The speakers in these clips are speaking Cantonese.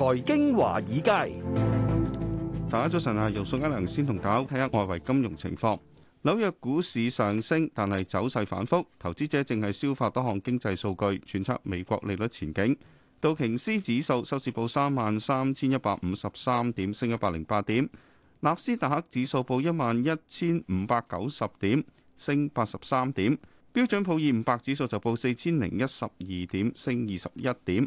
財經華爾街，大家早晨啊！由宋嘉良先同大家睇下外圍金融情況。紐約股市上升，但係走勢反覆，投資者正係消化多項經濟數據，揣測美國利率前景。道瓊斯指數收市報三萬三千一百五十三點，升一百零八點；納斯達克指數報一萬一千五百九十點，升八十三點；標準普爾五百指數就報四千零一十二點，升二十一點。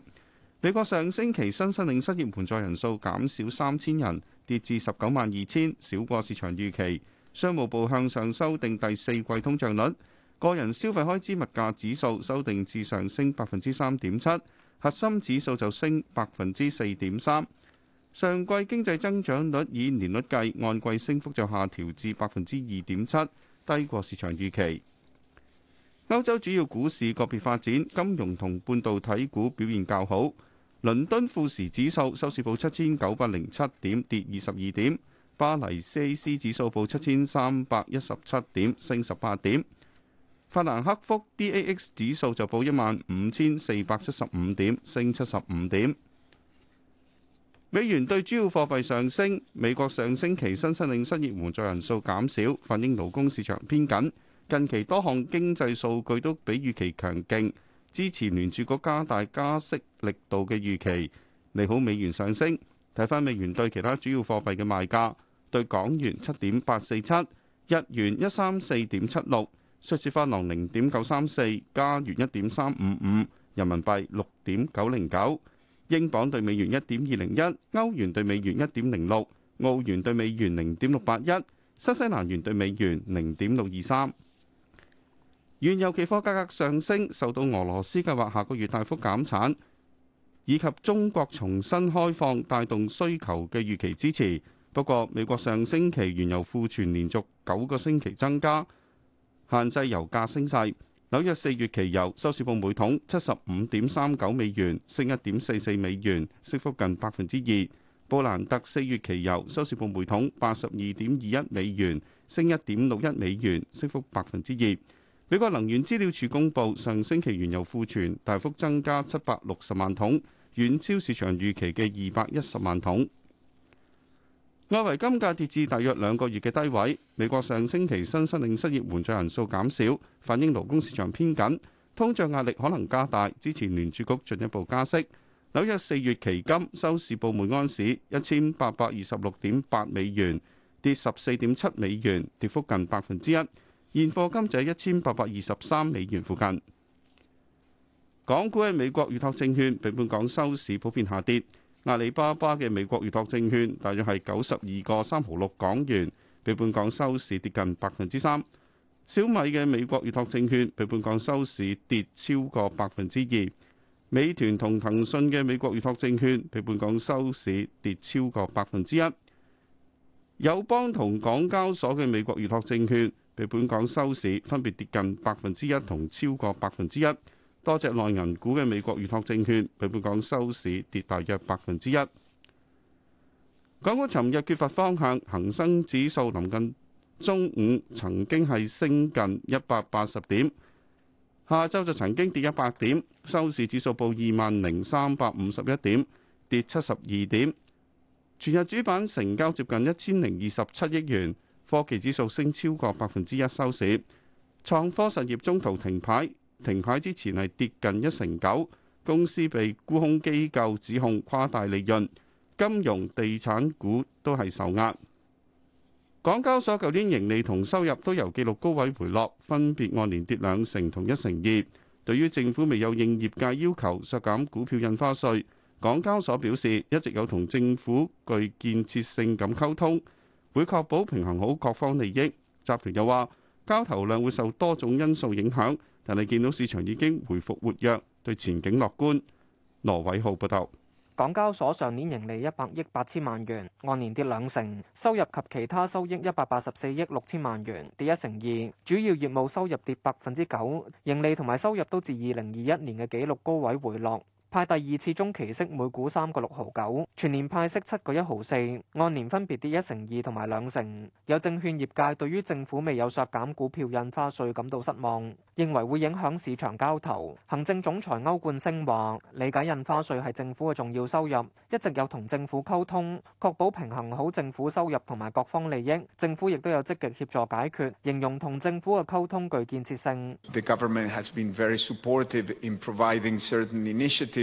美國上星期新申領失業援助人數減少三千人，跌至十九萬二千，少過市場預期。商務部向上修訂第四季通脹率，個人消費開支物價指數修訂至上升百分之三點七，核心指數就升百分之四點三。上季經濟增長率以年率計，按季升幅就下調至百分之二點七，低過市場預期。歐洲主要股市個別發展，金融同半導體股表現較好。倫敦富時指數收市報七千九百零七點，跌二十二點；巴黎 CAC 指數報七千三百一十七點，升十八點；法蘭克福 DAX 指數就報一萬五千四百七十五點，升七十五點。美元對主要貨幣上升，美國上星期新申領失業援助人數減少，反映勞工市場偏緊。近期多項經濟數據都比預期強勁。支持聯儲局加大加息力度嘅預期，利好美元上升。睇翻美元對其他主要貨幣嘅賣價：對港元七點八四七，日元一三四點七六，瑞士法郎零點九三四，加元一點三五五，人民幣六點九零九，英鎊對美元一點二零一，歐元對美元一點零六，澳元對美元零點六八一，新西蘭元對美元零點六二三。原油期貨價格上升，受到俄羅斯計劃下個月大幅減產，以及中國重新開放帶動需求嘅預期支持。不過，美國上星期原油庫存連續九個星期增加，限制油價升勢。紐約四月期油收市報每桶七十五點三九美元，升一點四四美元，升幅近百分之二。布蘭特四月期油收市報每桶八十二點二一美元，升一點六一美元，升幅百分之二。美國能源資料處公布，上星期原油庫存大幅增加七百六十萬桶，遠超市場預期嘅二百一十萬桶。外圍金價跌至大約兩個月嘅低位。美國上星期新申領失業援助人數減少，反映勞工市場偏緊，通脹壓力可能加大，支持聯儲局進一步加息。紐約四月期金收市報每安士一千八百二十六點八美元，跌十四點七美元，跌幅近百分之一。現貨金就喺一千八百二十三美元附近。港股嘅美國預託證券，比本港收市普遍下跌。阿里巴巴嘅美國預託證券，大約係九十二個三毫六港元，比本港收市跌近百分之三。小米嘅美國預託證券，比本港收市跌超過百分之二。美團同騰訊嘅美國預託證券，比本港收市跌超過百分之一。友邦同港交所嘅美國預託證券，比本港收市分別跌近百分之一同超過百分之一，多隻內銀股嘅美國預託證券比本港收市跌大約百分之一。港股尋日缺乏方向，恒生指數臨近中午曾經係升近一百八十點，下週就曾經跌一百點，收市指數報二萬零三百五十一點，跌七十二點。全日主板成交接近一千零二十七億元。科技指數升超過百分之一收市，創科實業中途停牌，停牌之前係跌近一成九，公司被沽空機構指控誇大利潤，金融地產股都係受壓。港交所舊年盈利同收入都由紀錄高位回落，分別按年跌兩成同一成二。對於政府未有應業界要求削減股票印花稅，港交所表示一直有同政府具建設性咁溝通。會確保平衡好各方利益。集團又話，交投量會受多種因素影響，但係見到市場已經回復活躍，對前景樂觀。羅偉浩報導。港交所上年盈利一百億八千萬元，按年跌兩成，收入及其他收益一百八十四億六千萬元，跌一成二。主要業務收入跌百分之九，盈利同埋收入都自二零二一年嘅紀錄高位回落。派第二次中期息每股三個六毫九，全年派息七個一毫四，按年分別跌一成二同埋兩成。有證券業界對於政府未有削減股票印花稅感到失望，認為會影響市場交投。行政總裁歐冠星話：理解印花稅係政府嘅重要收入，一直有同政府溝通，確保平衡好政府收入同埋各方利益。政府亦都有積極協助解決，形容同政府嘅溝通具建設性。The government has been very supportive in providing certain initiative.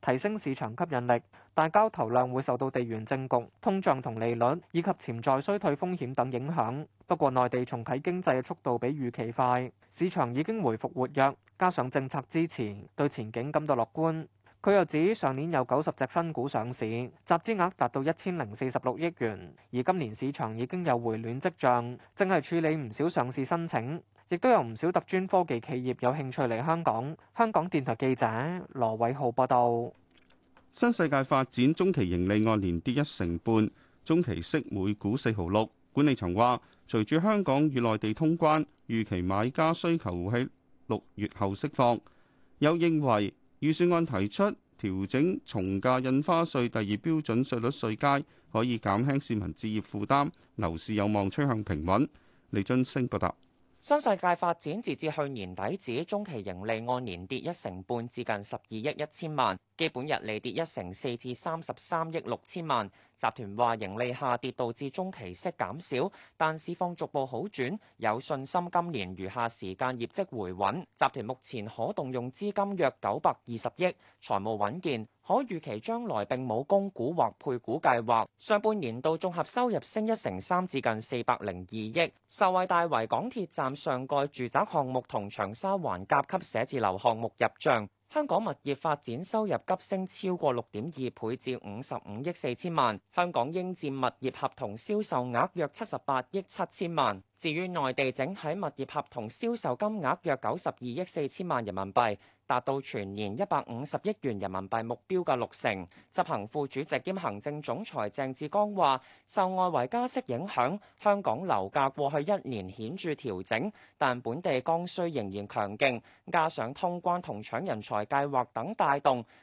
提升市場吸引力，但交投量會受到地緣政局、通脹同利率，以及潛在衰退風險等影響。不過，內地重啟經濟嘅速度比預期快，市場已經回復活躍，加上政策支持，對前景感到樂觀。佢又指上年有九十隻新股上市，集資額達到一千零四十六億元，而今年市場已經有回暖跡象，正係處理唔少上市申請，亦都有唔少特專科技企業有興趣嚟香港。香港電台記者羅偉浩報道。新世界發展中期盈利按年跌一成半，中期息每股四毫六。管理層話，隨住香港與內地通關，預期買家需求喺六月後釋放，有認為。預算案提出調整從價印花稅第二標準稅率稅階，可以減輕市民置業負擔，樓市有望趨向平穩。李津升報道。新世界發展截至去年底止中期盈利按年跌一成半，至近十二億一千萬，基本溢利跌一成四，至三十三億六千萬。集團話盈利下跌導致中期息減少，但市況逐步好轉，有信心今年餘下時間業績回穩。集團目前可動用資金約九百二十億，財務穩健，可預期將來並冇供股或配股計劃。上半年度綜合收入升一成三至近四百零二億，受惠大圍港鐵站上蓋住宅項目同長沙灣甲級寫字樓項目入帳。香港物業發展收入急升，超過六點二倍至五十五億四千萬。香港應佔物業合同銷售額約七十八億七千萬。至於內地整體物業合同銷售金額約九十二億四千萬人民幣。達到全年一百五十億元人民幣目標嘅六成，執行副主席兼行政總裁鄭志剛話，受外圍加息影響，香港樓價過去一年顯著調整，但本地剛需仍然強勁，加上通關同搶人才計劃等帶動。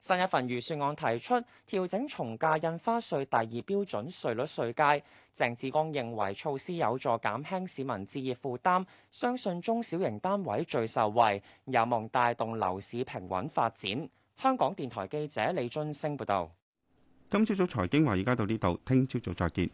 新一份預算案提出調整從價印花稅第二標準稅率稅階，鄭志剛認為措施有助減輕市民置業負擔，相信中小型單位最受惠，有望帶動樓市平穩發展。香港電台記者李俊升報道：「今朝早財經話而家到呢度，聽朝早再見。